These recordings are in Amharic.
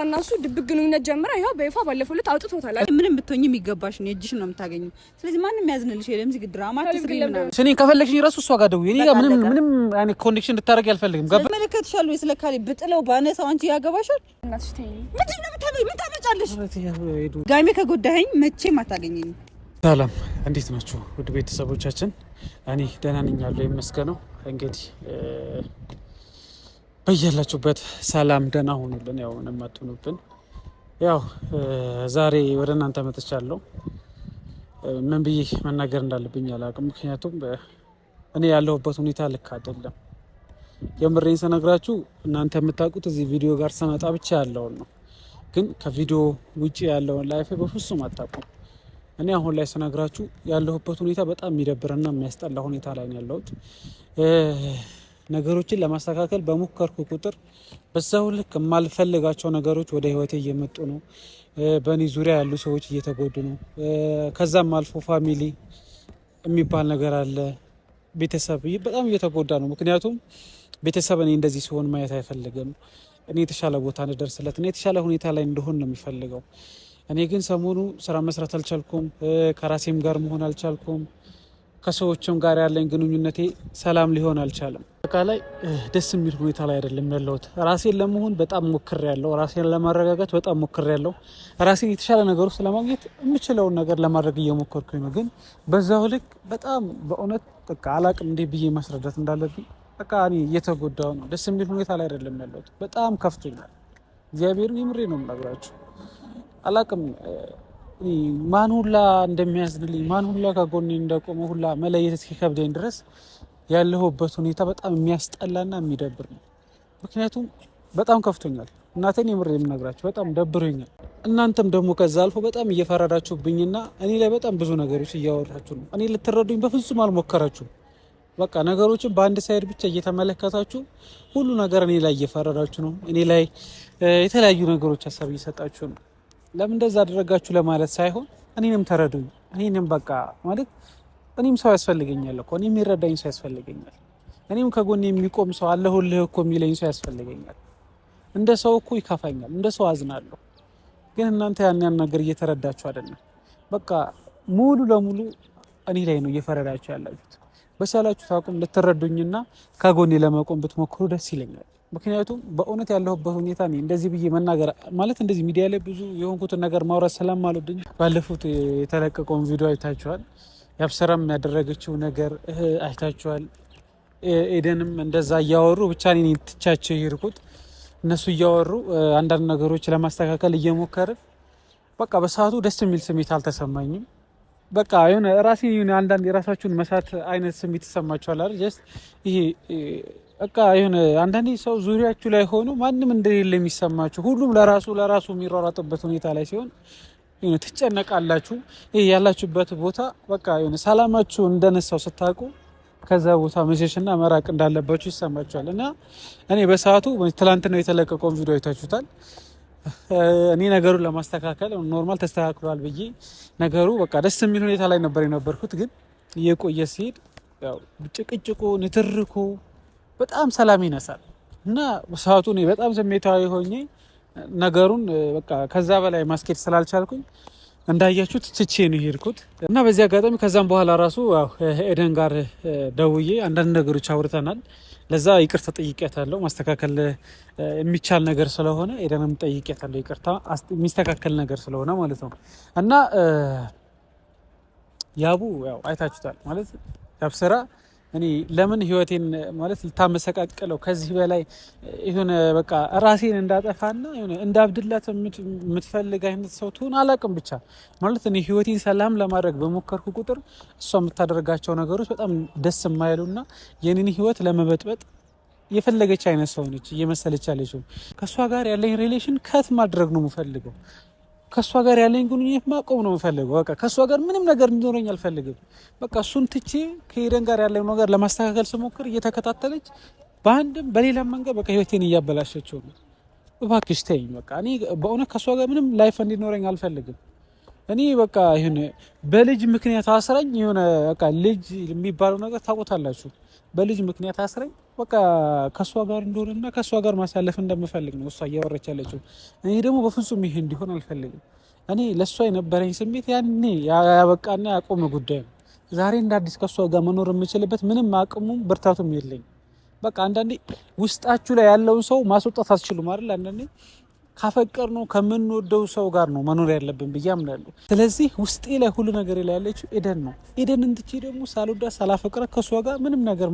እሷና እሱ ድብቅ ግንኙነት ጀምራ ያው በይፋ ባለፈው ዕለት አውጥቶታል። ምንም ብትሆኝ የሚገባሽ ነው፣ እጅሽ ነው የምታገኘው። ስለዚህ ማንም ያዝንልሽ የለም። እዚህ ድራማ አትስሪ ምናምን። እኔን ከፈለግሽኝ እራሱ እሷ ጋር ደውዪ። እኔ ጋር ምንም ምንም ያኔ ኮኔክሽን እንድታደርጊ አልፈልግም። እመለከትሻለሁ። ስለ ካሌ ብጥለው ባነሳው አንቺ ያገባሻል። ምንድን ነው ምን ታመጫለሽ? ጋሜ ከጎዳኸኝ መቼም አታገኘኝም። ሰላም እንዴት ናችሁ? ውድ ቤተሰቦቻችን እኔ ደህና ነኝ ያለው ይመስገነው እንግዲህ በያላችሁበት ሰላም ደህና ሁኑልን። ያው ምንም አትሆኑብን። ያው ዛሬ ወደ እናንተ መጥቻለሁ። ምን ብዬ መናገር እንዳለብኝ አላውቅም። ምክንያቱም እኔ ያለሁበት ሁኔታ ልክ አይደለም። የምሬን ስነግራችሁ እናንተ የምታውቁት እዚህ ቪዲዮ ጋር ስመጣ ብቻ ያለውን ነው፣ ግን ከቪዲዮ ውጭ ያለውን ላይፌ በፍጹም አታውቁም። እኔ አሁን ላይ ስነግራችሁ ያለሁበት ሁኔታ በጣም የሚደብርና የሚያስጠላ ሁኔታ ላይ ነው ያለሁት። ነገሮችን ለማስተካከል በሞከርኩ ቁጥር በዛው ልክ የማልፈልጋቸው ነገሮች ወደ ህይወቴ እየመጡ ነው። በእኔ ዙሪያ ያሉ ሰዎች እየተጎዱ ነው። ከዛም አልፎ ፋሚሊ የሚባል ነገር አለ። ቤተሰብ በጣም እየተጎዳ ነው። ምክንያቱም ቤተሰብ እኔ እንደዚህ ሲሆን ማየት አይፈልግም። እኔ የተሻለ ቦታ እንደርስለት እኔ የተሻለ ሁኔታ ላይ እንደሆን ነው የሚፈልገው። እኔ ግን ሰሞኑ ስራ መስራት አልቻልኩም። ከራሴም ጋር መሆን አልቻልኩም። ከሰዎችም ጋር ያለኝ ግንኙነቴ ሰላም ሊሆን አልቻለም። አጠቃላይ ደስ የሚል ሁኔታ ላይ አይደለም ያለሁት። ራሴን ለመሆን በጣም ሞክር ያለው፣ ራሴን ለማረጋጋት በጣም ሞክር ያለው፣ ራሴን የተሻለ ነገር ውስጥ ለማግኘት የምችለውን ነገር ለማድረግ እየሞከርኩኝ ነው። ግን በዛው ልክ በጣም በእውነት በቃ አላቅም እንዴ ብዬ ማስረዳት እንዳለብኝ በቃ እኔ እየተጎዳው ነው። ደስ የሚል ሁኔታ ላይ አይደለም ያለሁት። በጣም ከፍቶኛል። እግዚአብሔርን የምሬ ነው የምነግራችሁ አላቅም ማን ሁላ እንደሚያዝንልኝ ማን ሁላ ከጎኔ እንደቆመ ሁላ መለየት እስኪከብደኝ ድረስ ያለሁበት ሁኔታ በጣም የሚያስጠላና የሚደብር ነው። ምክንያቱም በጣም ከፍቶኛል። እናቴን የምር የምነግራችሁ በጣም ደብሮኛል። እናንተም ደግሞ ከዛ አልፎ በጣም እየፈረዳችሁብኝና እኔ ላይ በጣም ብዙ ነገሮች እያወራችሁ ነው። እኔ ልትረዱኝ በፍጹም አልሞከራችሁም። በቃ ነገሮችን በአንድ ሳይድ ብቻ እየተመለከታችሁ ሁሉ ነገር እኔ ላይ እየፈረዳችሁ ነው። እኔ ላይ የተለያዩ ነገሮች ሀሳብ እየሰጣችሁ ነው። ለምን እንደዛ አደረጋችሁ ለማለት ሳይሆን እኔንም ተረዱኝ፣ እኔንም በቃ ማለት እኔም ሰው ያስፈልገኛል እኮ እኔም የሚረዳኝ ሰው ያስፈልገኛል፣ እኔም ከጎን የሚቆም ሰው አለሁልህ እኮ የሚለኝ ሰው ያስፈልገኛል። እንደ ሰው እኮ ይከፋኛል፣ እንደ ሰው አዝናለሁ። ግን እናንተ ያን ያን ነገር እየተረዳችሁ አይደለም። በቃ ሙሉ ለሙሉ እኔ ላይ ነው እየፈረዳችሁ ያላችሁት። በቻላችሁት ታቁም ልትረዱኝና ከጎኔ ለመቆም ብትሞክሩ ደስ ይለኛል። ምክንያቱም በእውነት ያለሁበት ሁኔታ እኔ እንደዚህ ብዬ መናገር ማለት እንደዚህ ሚዲያ ላይ ብዙ የሆንኩትን ነገር ማውራት ሰላም እንጂ ባለፉት የተለቀቀውን ቪዲዮ አይታችኋል። ያብሰራም ያደረገችው ነገር አይታችኋል። ኤደንም እንደዛ እያወሩ ብቻ እኔ ትቻቸው ይርቁት እነሱ እያወሩ አንዳንድ ነገሮች ለማስተካከል እየሞከርን በቃ በሰዓቱ ደስ የሚል ስሜት አልተሰማኝም። በቃ የሆነ ራሴ አንዳንድ የራሳችሁን መሳት አይነት ስሜት ይሰማችኋል አይደል? ጀስት ይሄ በቃ ይሁን። አንዳንዴ ሰው ዙሪያችሁ ላይ ሆኖ ማንም እንደሌለ የሚሰማችሁ ሁሉም ለራሱ ለራሱ የሚሯሯጥበት ሁኔታ ላይ ሲሆን ይሁን ትጨነቃላችሁ። ይህ ያላችሁበት ቦታ በቃ ይሁን ሰላማችሁ እንደነሳው ስታውቁ ከዛ ቦታ መሸሽና መራቅ እንዳለባችሁ ይሰማችኋል። እና እኔ በሰዓቱ ነው የተለቀቀውን ቪዲዮ አይታችሁታል። እኔ ነገሩን ለማስተካከል ኖርማል ተስተካክሏል ብዬ ነገሩ በቃ ደስ የሚል ሁኔታ ላይ ነበር የነበርኩት። ግን እየቆየ ሲሄድ ጭቅጭቁ፣ ንትርኩ በጣም ሰላም ይነሳል እና ሰዓቱ እኔ በጣም ስሜታዊ ሆኜ ነገሩን በቃ ከዛ በላይ ማስኬድ ስላልቻልኩኝ እንዳያችሁት ትቼ ነው የሄድኩት እና በዚህ አጋጣሚ ከዛም በኋላ ራሱ ኤደን ጋር ደውዬ አንዳንድ ነገሮች አውርተናል። ለዛ ይቅርታ ጠይቄያታለሁ። ማስተካከል የሚቻል ነገር ስለሆነ ኤደንም ጠይቄያታለሁ፣ ይቅርታ የሚስተካከል ነገር ስለሆነ ማለት ነው። እና ያቡ ያው አይታችሁታል ማለት ያብስራ እኔ ለምን ህይወቴን ማለት ልታመሰቃቅለው ከዚህ በላይ የሆነ በቃ ራሴን እንዳጠፋና ሆነ እንዳብድላት የምትፈልግ አይነት ሰው ትሆን አላቅም። ብቻ ማለት እኔ ህይወቴን ሰላም ለማድረግ በሞከርኩ ቁጥር እሷ የምታደርጋቸው ነገሮች በጣም ደስ የማይሉና የኔን ህይወት ለመበጥበጥ የፈለገች አይነት ሰው ነች እየመሰለች ያለችው። ከእሷ ጋር ያለኝ ሪሌሽን ከት ማድረግ ነው የምፈልገው። ከእሷ ጋር ያለኝ ግንኙነት ማቆም ነው የምፈልገው። በቃ ከእሷ ጋር ምንም ነገር እንዲኖረኝ አልፈልግም። በቃ እሱን ትቼ ከሄደን ጋር ያለው ነገር ለማስተካከል ስሞክር እየተከታተለች በአንድም በሌላም መንገድ በቃ ህይወቴን እያበላሸችው ነው። እባክሽ ተይኝ። በቃ እኔ በእውነት ከእሷ ጋር ምንም ላይፍ እንዲኖረኝ አልፈልግም። እኔ በቃ ይሁን በልጅ ምክንያት አስራኝ የሆነ በቃ ልጅ የሚባለው ነገር ታውቆታላችሁ በልጅ ምክንያት አስረኝ በቃ ከእሷ ጋር እንደሆነና ከእሷ ጋር ማሳለፍ እንደምፈልግ ነው እሷ እያወረች ያለችው። እኔ ደግሞ በፍጹም ይሄ እንዲሆን አልፈልግም። እኔ ለእሷ የነበረኝ ስሜት ያኔ ያበቃና ያቆመ ጉዳይ ነው። ዛሬ እንደ አዲስ ከእሷ ጋር መኖር የምችልበት ምንም አቅሙም ብርታቱም የለኝ። በቃ አንዳንዴ ውስጣችሁ ላይ ያለውን ሰው ማስወጣት አትችሉም አይደል? አንዳንዴ ካፈቀር ነው ከምንወደው ሰው ጋር ነው መኖር ያለብን ብዬ አምናለሁ። ስለዚህ ውስጤ ላይ ሁሉ ነገር ላይ ያለችው ኤደን ነው። ኤደን እንትቼ ደግሞ ሳልወዳ ሳላፈቅረ ከእሷ ጋር ምንም ነገር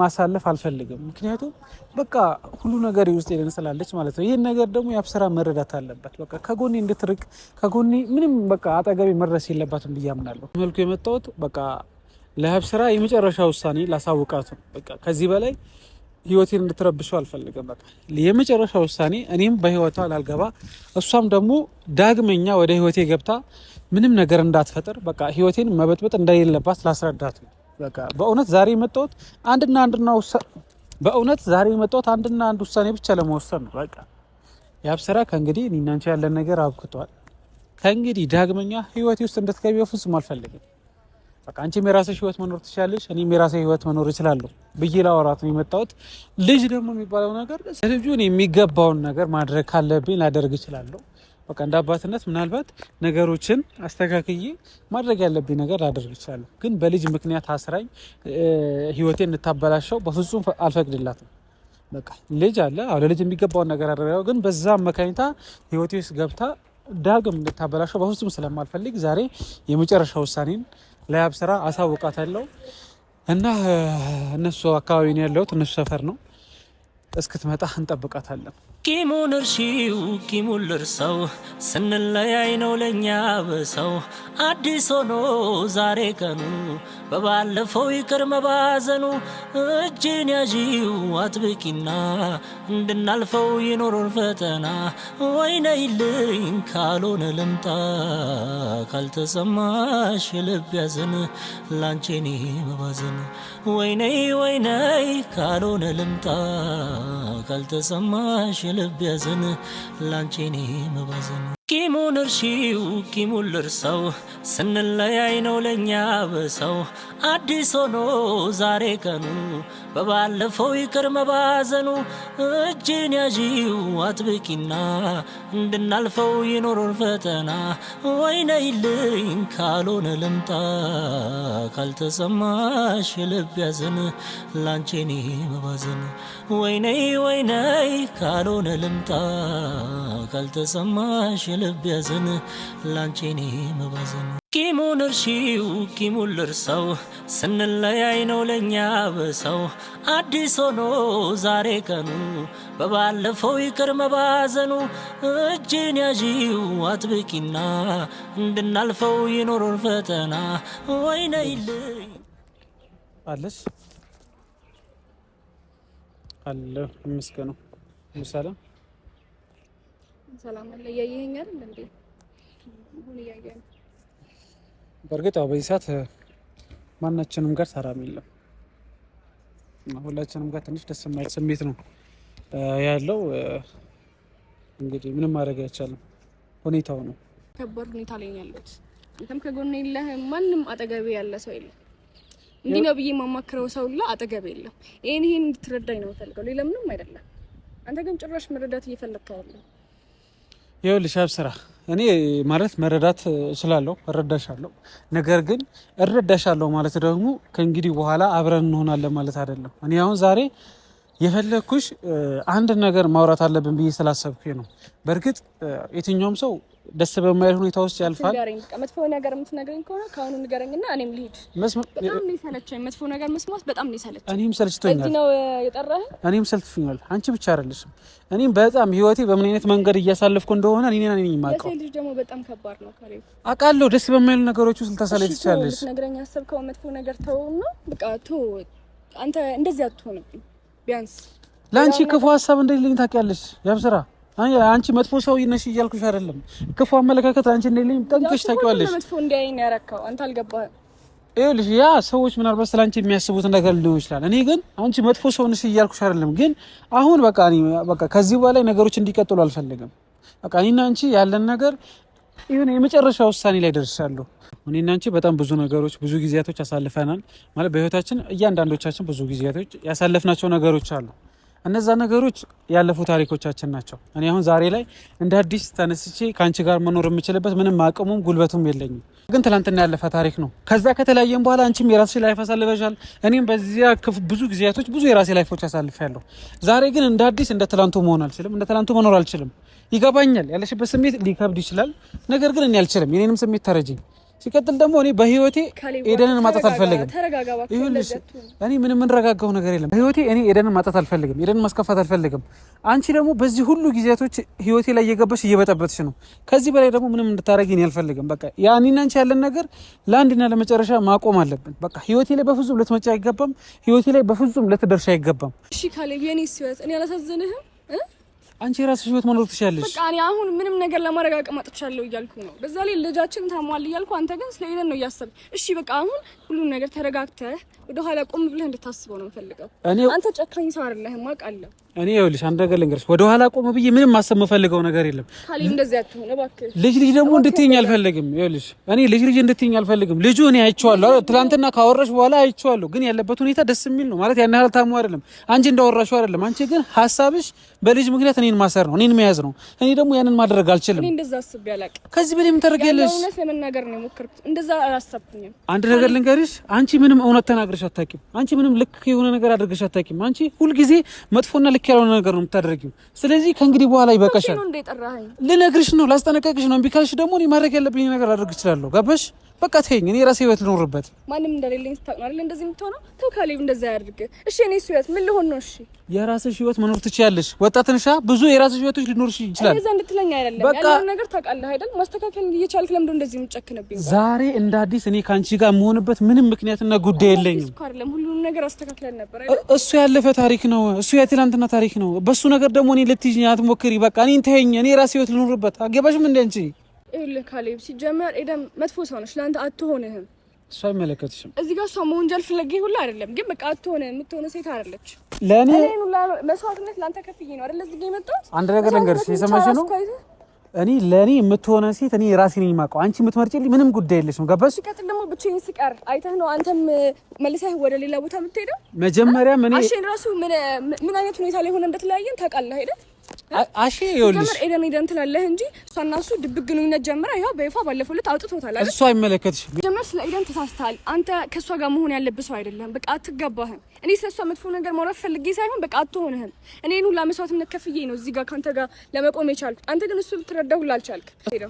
ማሳለፍ አልፈልግም። ምክንያቱም በቃ ሁሉ ነገር ውስጥ ኤደን ስላለች ማለት ነው። ይህን ነገር ደግሞ የአብስራ መረዳት አለባት በቃ ከጎኔ እንድትርቅ ከጎኔ ምንም በቃ አጠገቤ መድረስ የለባትም ብዬ አምናለሁ። መልኩ የመጣሁት በቃ ለሀብ የመጨረሻ ውሳኔ ላሳውቃት ነው። በቃ ከዚህ በላይ ህይወቴን እንድትረብሸው አልፈልግም። በቃ የመጨረሻ ውሳኔ እኔም በህይወቷ ላልገባ እሷም ደግሞ ዳግመኛ ወደ ህይወቴ ገብታ ምንም ነገር እንዳትፈጥር በቃ ህይወቴን መበጥበጥ እንደሌለባት ላስረዳት ነው። በቃ በእውነት ዛሬ የመጣሁት አንድና አንድና በእውነት ዛሬ የመጣሁት አንድና አንድ ውሳኔ ብቻ ለመወሰን ነው። በቃ የአብስራ ከእንግዲህ እኔና አንቺ ያለን ነገር አብክቷል። ከእንግዲህ ዳግመኛ ህይወቴ ውስጥ እንድትገቢ ፍጹም አልፈልግም። በቃ አንቺም የራስሽ ህይወት መኖር ትችላለች፣ እኔም የራሴ ህይወት መኖር እችላለሁ ብዬ ላወራት ነው የመጣሁት። ልጅ ደግሞ የሚባለው ነገር ልጁ እኔ የሚገባውን ነገር ማድረግ ካለብኝ ላደርግ እችላለሁ። በቃ እንደ አባትነት ምናልባት ነገሮችን አስተካክዬ ማድረግ ያለብኝ ነገር ላደርግ እችላለሁ። ግን በልጅ ምክንያት አስራኝ ህይወቴ እንታበላሸው በፍጹም አልፈቅድላትም። በቃ ልጅ አለ አሁ ለልጅ የሚገባውን ነገር አደረገው፣ ግን በዛ አመካኝታ ህይወቴ ውስጥ ገብታ ዳግም እንድታበላሸው በፍጹም ስለማልፈልግ ዛሬ የመጨረሻ ውሳኔን ለያብ ስራ አሳውቃታለሁ እና እነሱ አካባቢ ነው ያለሁት፣ እነሱ ሰፈር ነው። እስክትመጣ እንጠብቃታለን። ቂሙን እርሺው ቂሙን ልርሰው ስንለያይ ነው ለእኛ በሰው አዲስ ሆኖ ዛሬ ቀኑ በባለፈው ይቅር መባዘኑ እጅን ያዢው አትብቂና እንድናልፈው ይኖሮን ፈተና ወይነይልኝ ካልሆነ ልምጣ ካልተሰማሽ ልብ ያዘን ላንቼኒ መባዘን ወይነይ ወይነይ ካልሆነ ልምጣ ካልተሰማሽ ልብ ያዘን ላንቺ እኔ መባዘን ቂሙን እርሺው ቂሙን ልርሰው ስንለያይ ነው ለእኛ በሰው አዲስ ሆኖ ዛሬ ቀኑ በባለፈው ይቅር መባዘኑ እጅን ያዢው አጥብቂና እንድናልፈው ይኖሮን ፈተና ወይነይልኝ ካልሆነ ልምጣ ካልተሰማሽ የልብ ያዘን ላንቼኔ መባዘን ወይነይ ወይነይ ካልሆነ ልምጣ ካልተሰማሽ ልብ ያዘን ላንቺኔ መባዘን ቂሙን እርሺው ቂሙን ልርሰው ስንለያይ ነው ለእኛ በሰው አዲስ ሆኖ ዛሬ ቀኑ በባለፈው ይቅር መባዘኑ እጅን ያዢው አትብቂና እንድናልፈው ይኖሩን ፈተና ወይነይልኝ አለስ አለ ምስገ ነው ምሳሌ ሰላም አለ። እንዴ? አሁን በእርግጥ ያው በዚህ ሰዓት ማናችንም ጋር ሰላም የለም። ሁላችንም ጋር ትንሽ ደስ የማይል ስሜት ነው ያለው። እንግዲህ ምንም ማድረግ አይቻልም፣ ሁኔታው ነው። ከባድ ሁኔታ ላይ ያለሁት አንተም ከጎን የለህ ማንም አጠገቤ ያለ ሰው የለም። እንዲህ ነው ብዬ የማማክረው ሰው ላ አጠገቤ የለም። ይህን ይህን እንድትረዳኝ ነው የምፈልገው፣ ሌላ ምንም አይደለም። አንተ ግን ጭራሽ መረዳት እየፈለግከው ይኸውልሽ አብስራ እኔ ማለት መረዳት እችላለሁ፣ እረዳሻለሁ። ነገር ግን እረዳሻለሁ ማለት ደግሞ ከእንግዲህ በኋላ አብረን እንሆናለን ማለት አይደለም። እኔ አሁን ዛሬ የፈለግኩሽ አንድ ነገር ማውራት አለብን ብዬ ስላሰብኩ ነው። በእርግጥ የትኛውም ሰው ደስ በማይል ሁኔታ ውስጥ ያልፋል። መጥፎ ነገር የምትነግረኝ ከሆነ ከአሁኑ ንገረኝና እኔም ልሂድ። በጣም ነው መጥፎ ነገር መስማት፣ በጣም ነው የሰለቸኝ። እኔም ሰልችቶኛል። እዚህ ነው የጠራኸኝ? እኔም ሰልችቶኛል። አንቺ ብቻ አይደለሽም። እኔም በጣም ህይወቴ በምን አይነት መንገድ እያሳለፍኩ እንደሆነ እኔ ነኝ የማውቀው። ለሴት ልጅ ደግሞ በጣም ከባድ ነው አውቃለሁ። ደስ በማይሉ ነገሮች ውስጥ ልታሰለች ትችላለች። ነገረኛ ያሰብከው መጥፎ ነገር ተውና፣ ነው በቃ ተው። አንተ እንደዚህ አትሆንም ቢያንስ ለአንቺ ክፉ ሀሳብ እንደሌለኝ ታውቂያለሽ። ያብስራ አንቺ መጥፎ ሰው ነሽ እያልኩሽ አይደለም። ክፉ አመለካከት አንቺ እንደሌለኝ ጠንቅቀሽ ታውቂዋለሽ። መጥፎ እንዲያይን ያረካው አንተ አልገባህም። ይኸውልሽ ያ ሰዎች ምናልባት ስለ አንቺ የሚያስቡት ነገር ሊሆን ይችላል። እኔ ግን አንቺ መጥፎ ሰው ነሽ እያልኩሽ አይደለም። ግን አሁን በቃ በቃ ከዚህ በላይ ነገሮች እንዲቀጥሉ አልፈልግም። በቃ እኔና አንቺ ያለን ነገር ይሁን የመጨረሻ ውሳኔ ላይ ደርሻለሁ። እኔ እና አንቺ በጣም ብዙ ነገሮች ብዙ ጊዜያቶች ያሳልፈናል። ማለት በህይወታችን እያንዳንዶቻችን ብዙ ጊዜያቶች ያሳለፍናቸው ነገሮች አሉ። እነዛ ነገሮች ያለፉ ታሪኮቻችን ናቸው። እኔ አሁን ዛሬ ላይ እንደ አዲስ ተነስቼ ከአንቺ ጋር መኖር የምችልበት ምንም አቅሙም ጉልበቱም የለኝም። ግን ትላንትና ያለፈ ታሪክ ነው። ከዛ ከተለያየም በኋላ አንቺም የራስሽ ላይፍ አሳልፈሻል። እኔም በዚያ ብዙ ጊዜያቶች ብዙ የራሴ ላይፎች አሳልፌያለሁ። ዛሬ ግን እንደ አዲስ እንደ ትላንቱ መሆን አልችልም። እንደ ትላንቱ መኖር አልችልም። ይገባኛል። ያለሽበት ስሜት ሊከብድ ይችላል። ነገር ግን እኔ አልችልም። የኔንም ስሜት ተረጅኝ ሲቀጥል ደግሞ እኔ በህይወቴ ኤደንን ማጣት አልፈልግም። ይኸውልሽ እኔ ምንም የምንረጋጋው ነገር የለም። በህይወቴ እኔ ኤደንን ማጣት አልፈልግም። ኤደንን ማስከፋት አልፈልግም። አንቺ ደግሞ በዚህ ሁሉ ጊዜያቶች ህይወቴ ላይ እየገባሽ እየበጠበጥሽ ነው። ከዚህ በላይ ደግሞ ምንም እንድታረጊ እኔ አልፈልግም። በቃ ያኔና አንቺ ያለን ነገር ለአንድና ለመጨረሻ ማቆም አለብን። በቃ ህይወቴ ላይ በፍጹም ልትመጪ አይገባም። ህይወቴ ላይ በፍጹም ልትደርሽ አይገባም። እሺ ካሌብ፣ የኔስ ህይወት እኔ አላሳዝንህም። አንቺ የራስሽ ህይወት መኖር ትችያለሽ። በቃ እኔ አሁን ምንም ነገር ለማረጋገጥ አጥቻለሁ እያልኩ ነው። በዛ ላይ ልጃችን ታሟል እያልኩ አንተ ግን ስለሌለን ነው እያሰብ እሺ በቃ አሁን ሁሉም ነገር ተረጋግተህ ወደኋላ ቆም ብለህ እንድታስበው ነው የምፈልገው። አንተ ጨካኝ ሰው አይደለህም አውቃለሁ። እኔ ይኸውልሽ አንድ ነገር ልንገርሽ፣ ወደኋላ ቆም ብዬ ምንም ማሰብ የምፈልገው ነገር የለም። እንደዚህ ልጅ ልጅ ደግሞ እንድትይኝ አልፈልግም። ይኸውልሽ እኔ ልጅ ልጅ እንድትይኝ አልፈልግም። ልጁ እኔ አይቼዋለሁ፣ ትናንትና ካወራሽ በኋላ አይቼዋለሁ። ግን ያለበት ሁኔታ ደስ የሚል ነው ማለት ያን ያህል ታሙ አይደለም። አንቺ እንዳወራሽው አይደለም። አንቺ ግን ሀሳብሽ በልጅ ምክንያት እኔን ማሰር ነው፣ እኔን መያዝ ነው። እኔ ደግሞ ያንን ማድረግ አልችልም። እኔ እንደዛ ከዚህ በላይ ምን ታደርጊያለሽ? አንድ ነገር ልንገርሽ ስነግርሽ አንቺ ምንም እውነት ተናግረሽ አታውቂም። አንቺ ምንም ልክ የሆነ ነገር አድርገሽ አታውቂም። አንቺ ሁልጊዜ መጥፎና ልክ ያልሆነ ነገር ነው የምታደርጊው። ስለዚህ ከእንግዲህ በኋላ ይበቃሻል። ልነግርሽ ነው፣ ላስጠነቀቅሽ ነው። እምቢ ካልሽ ደግሞ እኔ ማድረግ ያለብኝ ነገር አድርግ እችላለሁ። ገባሽ? በቃ ተይኝ፣ እኔ ራሴ ህይወት ልኖርበት። ማንም እንደሌለኝ ስታውቃለህ እንደዚህ የምትሆነው ተው፣ ካሌብ እንደዛ ያድርግ። እሺ እኔ ህይወት ምን ልሆን ነው? እሺ የራስሽ ህይወት መኖር ትችያለሽ። ወጣትንሻ ብዙ የራስሽ ህይወቶች ሊኖር ይችላል። እዛ እንድትለኝ አይደለም ያለውን ነገር ታውቃለህ አይደል? ማስተካከል እየቻልክ ለምዶ እንደዚህ የምጨክንብኝ? ዛሬ እንደ አዲስ እኔ ከአንቺ ጋር መሆንበት ምንም ምክንያትና ጉዳይ የለኝም። ሁሉንም ነገር አስተካክለን ነበር አይደል? እሱ ያለፈ ታሪክ ነው። እሱ የትላንትና ታሪክ ነው። በሱ ነገር ደግሞ እኔ ልትይኝ አትሞክሪ። በቃ እኔን ተይኝ፣ እኔ የራሴ ህይወት ልኖርበት። አገባሽም እንደ አንቺ ይኸውልህ ካሌብ፣ ሲጀመር ኤደን መጥፎ ሰው ነች፣ ለአንተ አትሆንህም። እሷ አይመለከትሽም። እዚህ ጋር እሷ መወንጀል ፍለጌ ሁሉ አይደለም፣ ግን በቃ አትሆንህም። የምትሆነ ሴት አይደለች። ለእኔ መስዋዕትነት ለአንተ ከፍዬ ነው አይደለ እዚህ ጋር የመጣሁት። አንድ ነገር ልንገርሽ፣ የሰማሽ ነው እኔ ለእኔ የምትሆነ ሴት እኔ ራሴ ነኝ የማውቀው። አንቺ የምትመርጭልኝ ምንም ጉዳይ የለሽም። ገባሽ? ሲቀጥል ደግሞ ብቻዬን ስቀር አይተህ ነው አንተም መልሰህ ወደ ሌላ ቦታ የምትሄደው። መጀመሪያ ምን ራሱ ምን አይነት ሁኔታ ላይ ሆነ እንደተለያየን ታውቃለህ አይደል? አሺ ይኸውልሽ ኤደን ኤደን ትላለህ እንጂ እሷና እሱ ድብቅ ግንኙነት ጀምራ ይኸው በይፋ ባለፈው ዕለት አውጥቶታል አይደል? እሱ አይመለከትሽም። ጀመር ስለ ኤደን ተሳስተሃል። አንተ ከእሷ ጋር መሆን ያለብህ ሰው አይደለም። በቃ አትገባህም። እኔ ስለሷ መጥፎ ነገር ማውራት ፈልጌ ሳይሆን በቃ አትሆንህም። እኔን ሁላ መስዋዕትነት ከፍዬ ነው እዚህ ጋር ከአንተ ጋር ለመቆም የቻልኩት። አንተ ግን እሱ ልትረዳ ሁላ አልቻልክ።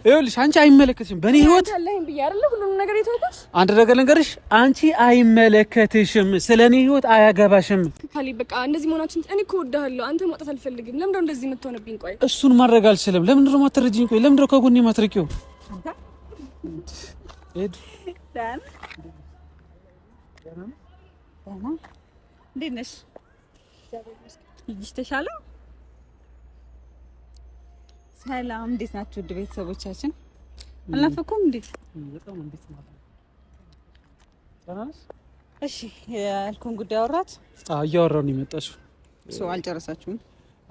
ይኸውልሽ አንቺ አይመለከትሽም። በእኔ ህይወት አለህም ብዬ አይደለ ሁሉንም ነገር የተወኩት። አንድ ነገር ልንገርሽ፣ አንቺ አይመለከትሽም፣ ስለ እኔ ህይወት አያገባሽም። ካሌብ በቃ እንደዚህ መሆናችን እኔ እኮ እወድሃለሁ፣ አንተ መውጣት አልፈልግም። ለምንድን እንደዚህ የምትሆንብኝ? ቆይ እሱን ማድረግ አልችልም። ለምንድን ነው የማትረጂኝ? ቆይ ለምንድን ነው ከጎኔ የማትርቂው? ሄድ እንዴት ነሽ? ልጅሽ ተሻለው? ሰላም፣ እንዴት ናችሁ? ውድ ቤተሰቦቻችን አልናፈኩም እንዴ? እሺ፣ ያልኩን ጉዳይ አወራት? አዎ፣ እያወራሁ ነው የመጣሽው። እሱ አልጨረሳችሁም?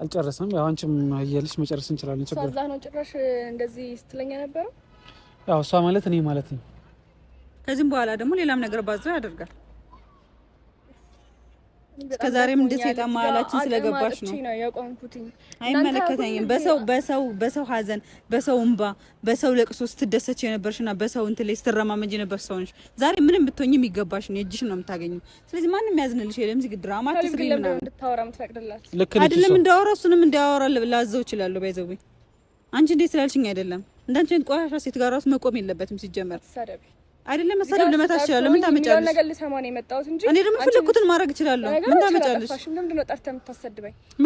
አልጨረሰም። ያው አንቺም እያልሽ መጨረስ እንችላለን። ችግር ነው። ጭራሽ እንደዚህ ስትለኛ ነበረ። ያው እሷ ማለት እኔ ማለት ነው። ከዚህም በኋላ ደግሞ ሌላም ነገር ባዝራ ያደርጋል እስከዛሬም እንደ ሰይጣን መሀላችን ስለገባሽ ነው አይመለከተኝም። በሰው በሰው በሰው ሀዘን በሰው እንባ በሰው ለቅሶ ስትደሰች የነበርሽና በሰው እንት ላይ ስትረማመጅ የነበር ሰው ነሽ። ዛሬ ምንም ብትሆኝ የሚገባሽ ነው፣ እጅሽ ነው የምታገኘው። ስለዚህ ማንም ያዝንልሽ የለም። እዚህ ድራማ አትስሪ ምናምን አይደለም። እንዳወራ እሱንም እንዳወራ ላዘው እችላለሁ። ባይዘው አንቺ እንዴት ስላልሽኝ አይደለም። እንዳንቺ ቆሻሻ ሴት ጋር ራሱ መቆም የለበትም ሲጀመር ሰደብ አይደለም መሳደብ ልመታሽ ይችላል። ምን ታመጫለሽ? ነገር ልሰማ ነው የመጣሁት እንጂ እኔ ደግሞ የፈለኩትን ማድረግ እችላለሁ። ምን ታመጫለሽ?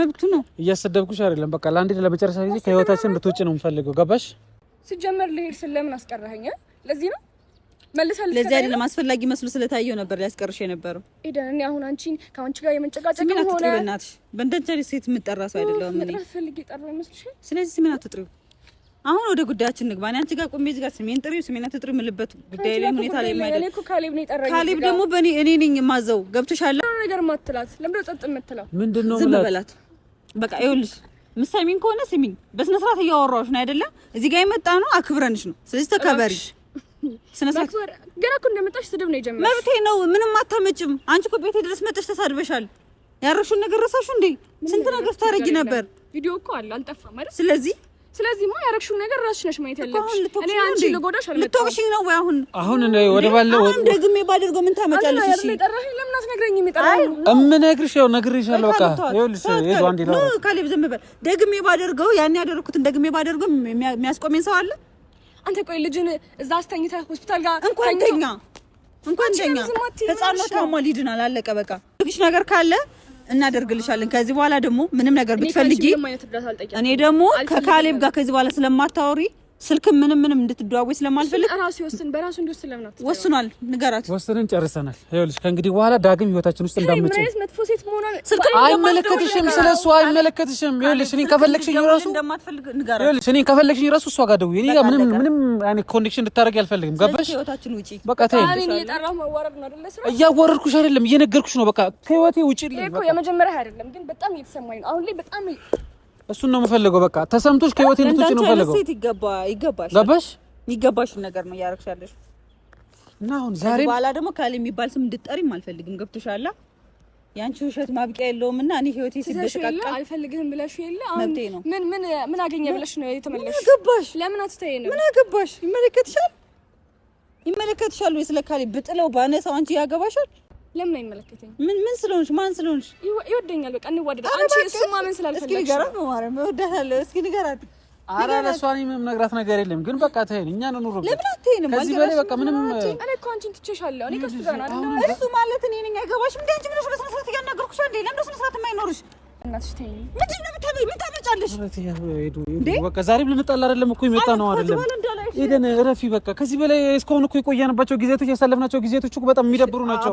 መብቱ ነው። እያሰደብኩሽ አይደለም። በቃ ለአንዴ ለመጨረሻ ጊዜ ከህይወታችን እንድትወጪ ነው የምፈልገው። ገባሽ? ሲጀመር ልሄድ ስለምን አስቀረኸኝ? ለዚህ ነው መልሰል ለዚህ አይደለም አስፈላጊ መስሎ ስለታየው ነበር ሊያስቀርሽ የነበረው። ኤደን እኔ አሁን አንቺ ከአንቺ ጋር የመጨቃጨቅ ሆነ። በእንደንቸሪ ሴት የምጠራ ሰው አይደለሁም እኔ። ስለዚህ ምን አትጥሪው አሁን ወደ ጉዳያችን ንግባ። አንቺ ጋር ቆሜ እዚህ ጋር ስሜን ጥሪው ስሜን አትጥሪው የምልበት ጉዳይ ላይ ሁኔታ ላይ ማለት ነው። ካሌብ ነው የጠራኝ። ካሊብ ደግሞ በእኔ እኔ ነኝ የማዘው። ገብቶሻል? ነገር ማትላት ለምን ነው ጸጥ የምትለው? ምንድን ነው ዝም በላት በቃ። ይኸውልሽ ምሳሚን ከሆነ ስሚኝ፣ በስነ ስርዓት እያወራሁሽ ነው አይደለ? እዚህ ጋር የመጣ ነው አክብረንሽ ነው። ስለዚህ ተከበሪ። ስነ ስርዓት ገና እኮ እንደመጣሽ ስድብ ነው የጀመረው። መብቴ ነው፣ ምንም አታመጭም። አንቺ እኮ ቤቴ ድረስ መጥተሽ ተሳድበሻል። ያረሹን ነገር ረሳሹ እንዴ? ስንት ነገር ታረጊ ነበር። ቪዲዮ እኮ አለ አልጠፋም አይደል? ስለዚህ ስለዚህ ማ ያረግሽውን ነገር ራስሽ ነሽ ማየት ያለብሽ። እኔ አንቺ ልጎዳሽ አልመጣሁም። ልትወቅሽኝ ነው ወይ አሁን? አሁን እኔ ወደ ባለው አሁን ደግሜ ባደርገው ምን እሺ ለምን በቃ ነው ዝም በል። ደግሜ ባደርገው ያን ያደረኩትን ደግሜ ባደርገው የሚያስቆመኝ ሰው አለ? አንተ ቆይ ልጅን እዛ አስተኝተህ ሆስፒታል ጋር እንኳን ደኛ እንኳን ደኛ ህፃን ታማ ሊድን አላለቀ በቃ። ልጅሽ ነገር ካለ እናደርግልሻለን። ከዚህ በኋላ ደግሞ ምንም ነገር ብትፈልጊ እኔ ደግሞ ከካሌብ ጋር ከዚህ በኋላ ስለማታወሪ ስልክ ምንም ምንም እንድትደዋወይ ስለማልፈልግ ራሱ ይወስን በራሱ እንዲወስን ለምን አትወስን? ወስኗል። ንገራት። ወስንን ጨርሰናል። ይኸውልሽ ከእንግዲህ በኋላ ዳግም ህይወታችን ውስጥ እንዳትመጪ። መጥፎ ሴት መሆኗን ስልክ አይመለከትሽም፣ ስለ እሱ አይመለከትሽም። ይኸውልሽ እኔን ከፈለግሽኝ ራሱ እንደማትፈልግ ንገራት። ይኸውልሽ እኔን ከፈለግሽኝ ራሱ እሷ ጋር ደውዪ። እኔ ጋር ምንም ምንም አይነት ኮኔክሽን እንድታደርጊ አልፈልግም። ገባሽ? ህይወታችን ውጪ በቃ ተይኝ። እያዋረድኩሽ አይደለም፣ እየነገርኩሽ ነው። በቃ ከህይወቴ ውጪ ልኝ። በቃ የመጀመሪያ አይደለም ግን በጣም እየተሰማኝ ነው አሁን ላይ በጣም እሱን ነው የምፈልገው። በቃ ተሰምቶሽ ከህይወት ልትወጪ ነው የምፈልገው። ሴት ይገባ ይገባሽ ገባሽ ይገባሽ ነገር ነው እያደረግሽ እና አሁን ዛሬ በኋላ ደግሞ ካሌ የሚባል ስም እንድጠሪም አልፈልግም። ገብቶሻል? የአንቺ ውሸት ማብቂያ የለውም እና እኔ ህይወቴ ሲደሽቃቃ አልፈልግህም ብለሽ የለ መብቴ ነው። ምን ምን ምን አገኘ ብለሽ ነው የተመለስሽ? ገባሽ? ለምን አትተይ ነው? ምን አገባሽ? ይመለከትሻል፣ ይመለከትሻል ወይ? ስለ ካሌ ብጥለው ባነሳው አንቺ ያገባሻል? ለምን አይመለከተኝ? ምን ምን ስለሆንሽ ማን ስለሆንሽ ይወደኛል። በቃ እንዋደድ። አንቺ እሱ ማመን ስላልፈለግሽ እስኪ ንገራት ነው እወዳታለሁ። እስኪ ንገራት። ኧረ ለእሷ እኔ ነገር የለም። ግን በቃ ተይን፣ እኛ ኑሮ። ለምን አትይንም? ከዚህ በላይ በቃ ምንም እኔ እኮ አንቺን ትቼሻለሁ። እኔ ጋር ነው። እሱ ማለት እኔ ነኝ። አይገባሽም እንዴ? አንቺ ብለሽ በስነ ስርዓት እያናገርኩሽ እንዴ። ለምን በስነ ስርዓት የማይኖርሽ? እናትሽ ተይኝ። ምንድን ነው የምታበይ? ምን ዛሬም ልንጣላ አይደለም እኮ የመጣ ነው አይደለም ኤደን እረፊ በቃ። ከዚህ በላይ እስካሁን እኮ የቆየንባቸው ጊዜቶች ያሳለፍናቸው ጊዜቶች እኮ በጣም የሚደብሩ ናቸው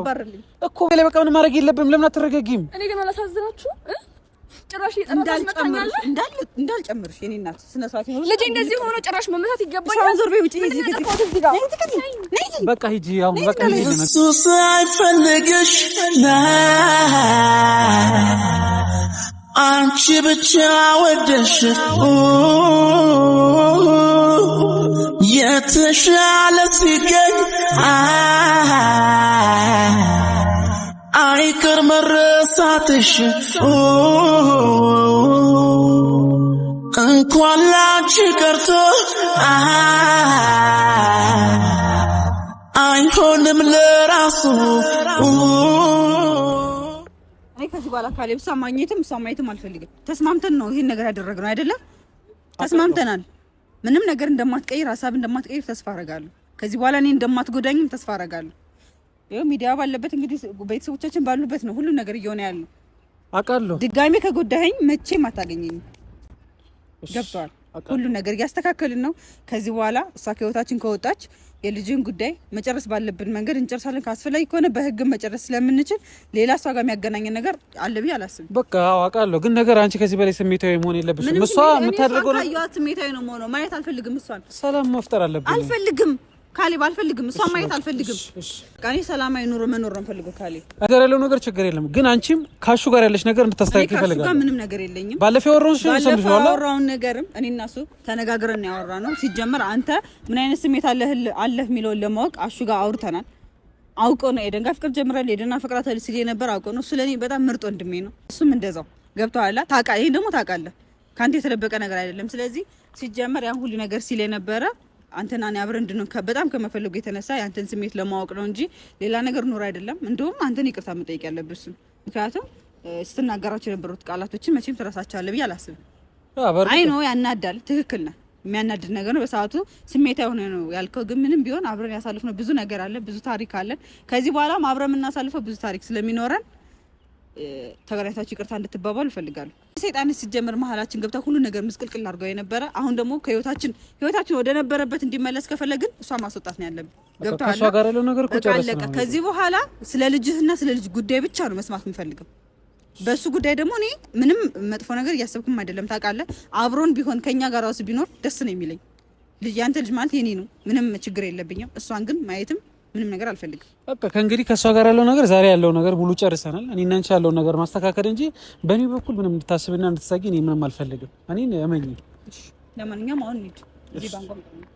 እኮ። በላይ በቃ ምን ማድረግ የለብንም። ለምን አትረጋጊም? እኔ ግን አላሳዝናችሁ ጭራሽ እንደዚህ ሆኖ ጭራሽ መመታት ይገባኛል። በቃ ሂጂ አሁን በቃ አንቺ ብቻ ወደሽ የተሻለ ሲገኝ አይቀር መረሳትሽ እንኳን ላንቺ ቀርቶ አይሆንም ለራሱ። እኔ ከዚህ በኋላ ካሌብ እሷ ማግኘትም እሷ ማየትም አልፈልግም። ተስማምተን ነው ይህን ነገር ያደረግነው አይደለም? ተስማምተናል። ምንም ነገር እንደማትቀይር ሀሳብ እንደማትቀይር ተስፋ አረጋለሁ። ከዚህ በኋላ እኔ እንደማትጎዳኝም ተስፋ አረጋለሁ። ይኸው ሚዲያ ባለበት እንግዲህ ቤተሰቦቻችን ባሉበት ነው ሁሉም ነገር እየሆነ ያለው አውቃለሁ። ድጋሜ ከጎዳኸኝ መቼም አታገኘኝም። ገብተዋል። ሁሉ ነገር እያስተካከልን ነው። ከዚህ በኋላ እሷ ከህይወታችን ከወጣች የልጅን ጉዳይ መጨረስ ባለብን መንገድ እንጨርሳለን። ከአስፈላጊ ከሆነ በህግ መጨረስ ስለምንችል ሌላ እሷ ጋር የሚያገናኝ ነገር አለ ብዬ አላስብም። በቃ አውቃለሁ፣ ግን ነገር አንቺ ከዚህ በላይ ስሜታዊ መሆን የለብሽም። እሷ የምታደርገው ስሜታዊ ነው መሆነው ማየት አልፈልግም። እሷን ሰላም መፍጠር አለብን አልፈልግም ካሌብ አልፈልግም፣ እሷ ማየት አልፈልግም። ቃኔ ሰላማዊ ኑሮ መኖር ነው የምፈልገው። ካሌብ ነገር ያለው ነገር ችግር የለም ግን አንቺም ካሹ ጋር ያለች ነገር እንድታስተካክል ይፈልጋል። ጋር ምንም ነገር የለኝም። ባለፈው ያወራውን ሽ ባለፈው ያወራውን ነገርም እኔ እና እሱ ተነጋግረን ያወራ ነው። ሲጀመር አንተ ምን አይነት ስሜት አለህ አለህ የሚለውን ለማወቅ አሹ ጋር አውርተናል። አውቀ ነው ኤደን ጋር ፍቅር ጀምራል። ኤደን አፈቅራታለሁ ሲል የነበር አውቀ ነው። እሱ ለእኔ በጣም ምርጥ ወንድሜ ነው። እሱም እንደዛው ገብቶሃል። ታውቃለህ፣ ይህን ደግሞ ታውቃለህ። ከአንተ የተደበቀ ነገር አይደለም። ስለዚህ ሲጀመር ያን ሁሉ ነገር ሲል የነበረ አንተና እኔ አብረን እንድን በጣም ከመፈለጉ የተነሳ የአንተን ስሜት ለማወቅ ነው እንጂ ሌላ ነገር ኖር አይደለም። እንደውም አንተን ይቅርታ መጠየቅ ያለብስ፣ ምክንያቱም ስትናገራቸው የነበሩት ቃላቶችን መቼም ትረሳቸዋለህ ብዬ አላስብም። አይ ነው ያናዳል፣ ትክክል ነህ። የሚያናድድ ነገር ነው። በሰዓቱ ስሜታ የሆነ ነው ያልከው፣ ግን ምንም ቢሆን አብረን ያሳልፍ ነው ብዙ ነገር አለን፣ ብዙ ታሪክ አለን። ከዚህ በኋላም አብረን የምናሳልፈው ብዙ ታሪክ ስለሚኖረን ተገናኝታችሁ ይቅርታ እንድትባባሉ ይፈልጋሉ። ሰይጣን ሲጀምር መሀላችን ገብታ ሁሉ ነገር ምስቅልቅል አድርገው የነበረ አሁን ደግሞ ከህይወታችን ህይወታችን ወደ ነበረበት እንዲመለስ ከፈለግን እሷ ማስወጣት ነው ያለብን። ገብተዋል። ከዚህ በኋላ ስለ ልጅህና ስለ ልጅ ጉዳይ ብቻ ነው መስማት የምፈልገው። በእሱ ጉዳይ ደግሞ እኔ ምንም መጥፎ ነገር እያሰብኩም አይደለም። ታውቃለህ፣ አብሮን ቢሆን ከኛ ጋር ቢኖር ደስ ነው የሚለኝ። ያንተ ልጅ ማለት የኔ ነው፣ ምንም ችግር የለብኝም። እሷን ግን ማየትም ምንም ነገር አልፈልግም። በቃ ከእንግዲህ ከእሷ ጋር ያለው ነገር ዛሬ ያለው ነገር ሙሉ ጨርሰናል። እኔ እናንቺ ያለውን ነገር ማስተካከል እንጂ በእኔ በኩል ምንም እንድታስብና እንድትሳጊ እኔ ምንም አልፈልግም። እኔ እመኝ። ለማንኛውም አሁን ሂድ እዚህ